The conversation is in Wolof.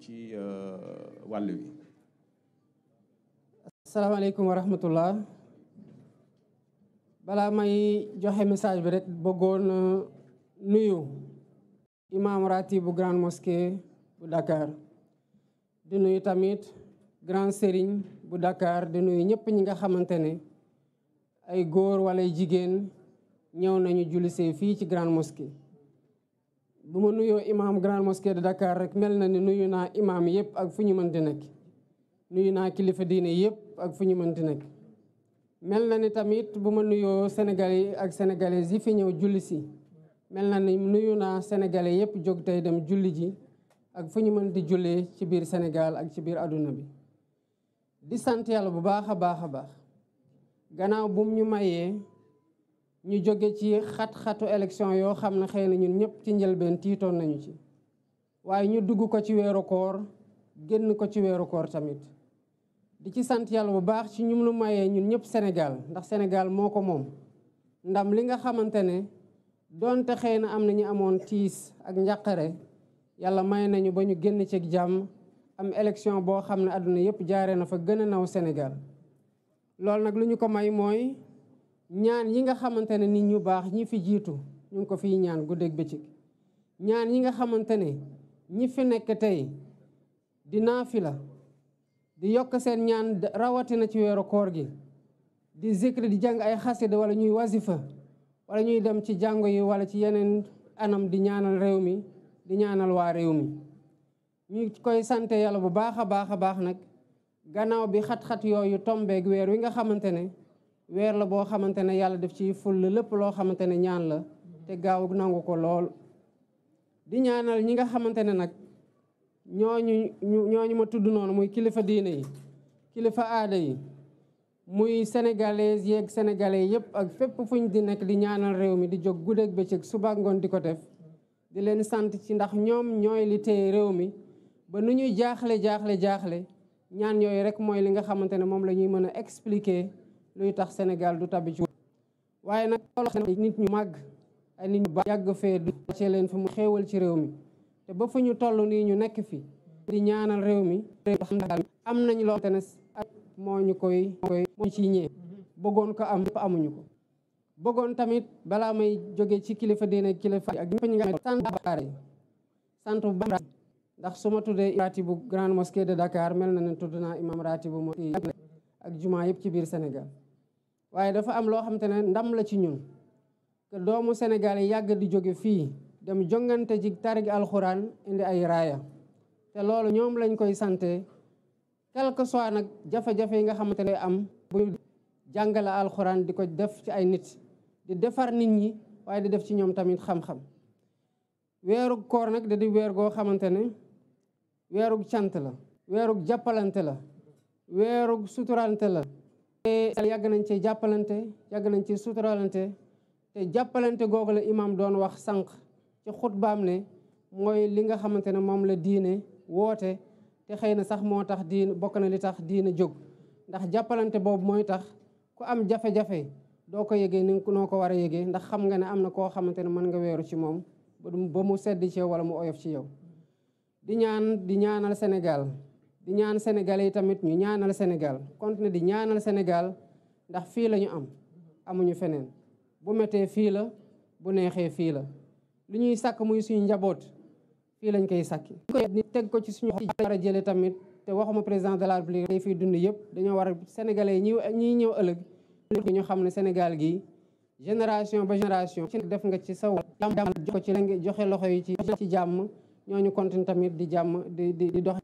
ci euh, wàll wi. asalaamaaleykum wa rahmatullah balaa may joxe message bi rek bëggoon euh, nuyu imam ratib bu grande mosquée bu Dakar di nuyu tamit grand sëriñ bu Dakar di nuyu ñëpp ñi nga xamante ne ay góor wala jigéen ñëw nañu jullisee fii ci grande mosquée. bu ma nuyoo imaam Grande Mosquée de Dakar rek mel na ni nuyu naa imaam yëpp ak fu ñu mën di nekk nuyu naa kilifa diine yëpp ak fu ñu mën di nekk mel na ni tamit bu ma nuyoo sénégalais ak sénégalaises yi fi ñëw julli si mel na ni nuyu naa sénégalais yëpp jóg tey dem julli ji ak fu ñu mën di jullee ci biir senegal ak ci biir àdduna bi di sant bu baax a baax a baax gannaaw bum ñu mayee ñu jóge ci xat-xatu élection yoo xam ne xëy na ñun ñëpp ci njëlbeen tiitoon nañu ci waaye ñu dugg ko ci weeru koor génn ko ci weeru koor tamit di ci sant yàlla bu baax ci ñum lu mayee ñun ñëpp senegal ndax Sénégal moo ko moom ndam li nga xamante ne doonte xëy na am na ñu amoon tiis ak njàqare yàlla may nañu ba ñu génn ci jàmm am élection boo xam ne àdduna yëpp jaaree na fa gën a naw senegal loolu nag lu ñu ko may mooy ñaan yi nga xamante ne nit ñu baax ñi fi jiitu ñu ngi ko fiy ñaan guddeeg bëccëg ñaan yi nga xamante ne ñi fi nekk tey di naafila di yokk seen ñaan rawatina ci weeru koor gi di zikri di jàng ay xasida walla ñuy wasifa wala ñuy dem ci jàngo yi wala ci yeneen anam di ñaanal réew mi di ñaanal waa réew mi ñu koy sante yàlla bu baax a baax a baax nag gannaaw bi xat-xat yooyu tombeek weer wi nga xamante ne weer la boo xamante ne yàlla def ci ful lépp loo xamante ne ñaan la te gaaw nangu ko lool di ñaanal ñi nga xamante ne nag ñooñu ñooñu ma tudd noonu muy kilifa diine yi kilifa aada yi muy sénégalais yeeg sénégalais yëpp ak fépp fuñ di nekk di ñaanal réew mi di jóg guddeeg bëccëg suba ngoon di ko def di leen sant ci ndax ñoom ñooy li téye réew mi ba nu ñuy jaaxle jaaxle jaaxle ñaan yooyu rek mooy li nga xamante ne moom la ñuy mën a expliquer luy tax Sénégal du tabbi ci waaye nag loolu nit ñu màgg ay nit ñu baax yàgg fee du ci leen fi mu xewal ci réew mi te ba fu ñu toll nii ñu nekk fi di ñaanal réew mi am nañ loo xamante ne moo ñu koy moo ci ñee bëggoon ko am amuñu ko bëggoon tamit balaa may jóge ci kilifa diine kilifa ak ñëpp ñu nga sant baare sant bu baax ndax su ma tuddee imam ratibu grande mosquée de Dakar mel na ne tudd naa imam ratibu ak jumaa yëpp ci biir Sénégal waaye dafa am loo xamante ne ndam la ci ñun que doomu Sénégal yi yàgg di jóge fii dem jongante ci tarig alxuraan indi ay raaya te loolu ñoom lañ koy sante quelque soit nag jafe-jafe yi nga xamante ne am bu ñu jàngale alxuraan di ko def ci ay nit di defar nit ñi waaye di def ci ñoom tamit xam-xam weeru koor nag da di weer goo xamante ne weerug cant la weerug jàppalante la weerug suturante la yàgg nañ ci jàppalante yàgg nañ ci suturalante te jàppalante googu la imaam doon wax sànq ci baam ne mooy li nga xamante ne moom la diine woote te xëy na sax moo tax diine bokk na li tax diine jóg ndax jàppalante boobu mooy tax ku am jafe-jafe doo ko yëgee ni noo ko war a yëgee ndax xam nga ne am na koo xamante ne mën nga weeru ci moom ba mu sedd ci wala mu oyof ci yow di ñaan di ñaanal Sénégal di ñaan sénégalais yi tamit ñu ñaanal Sénégal continuer di ñaanal Sénégal ndax fii lañu am amuñu feneen bu mettee fii la bu neexee fii la lu ñuy sàkk muy suñu njaboot fii lañ koy sàkki ni teg ko ci suñu war a jële tamit te waxuma président de la République day fiy dund yëpp dañoo war sénégalais yi ñi ñëw ëllëg ñu xam ne Sénégal gi génération ba génération ci def nga ci sa jàmm ko ci joxe loxo yi ci ci jàmm ñooñu continue tamit di jàmm di di di dox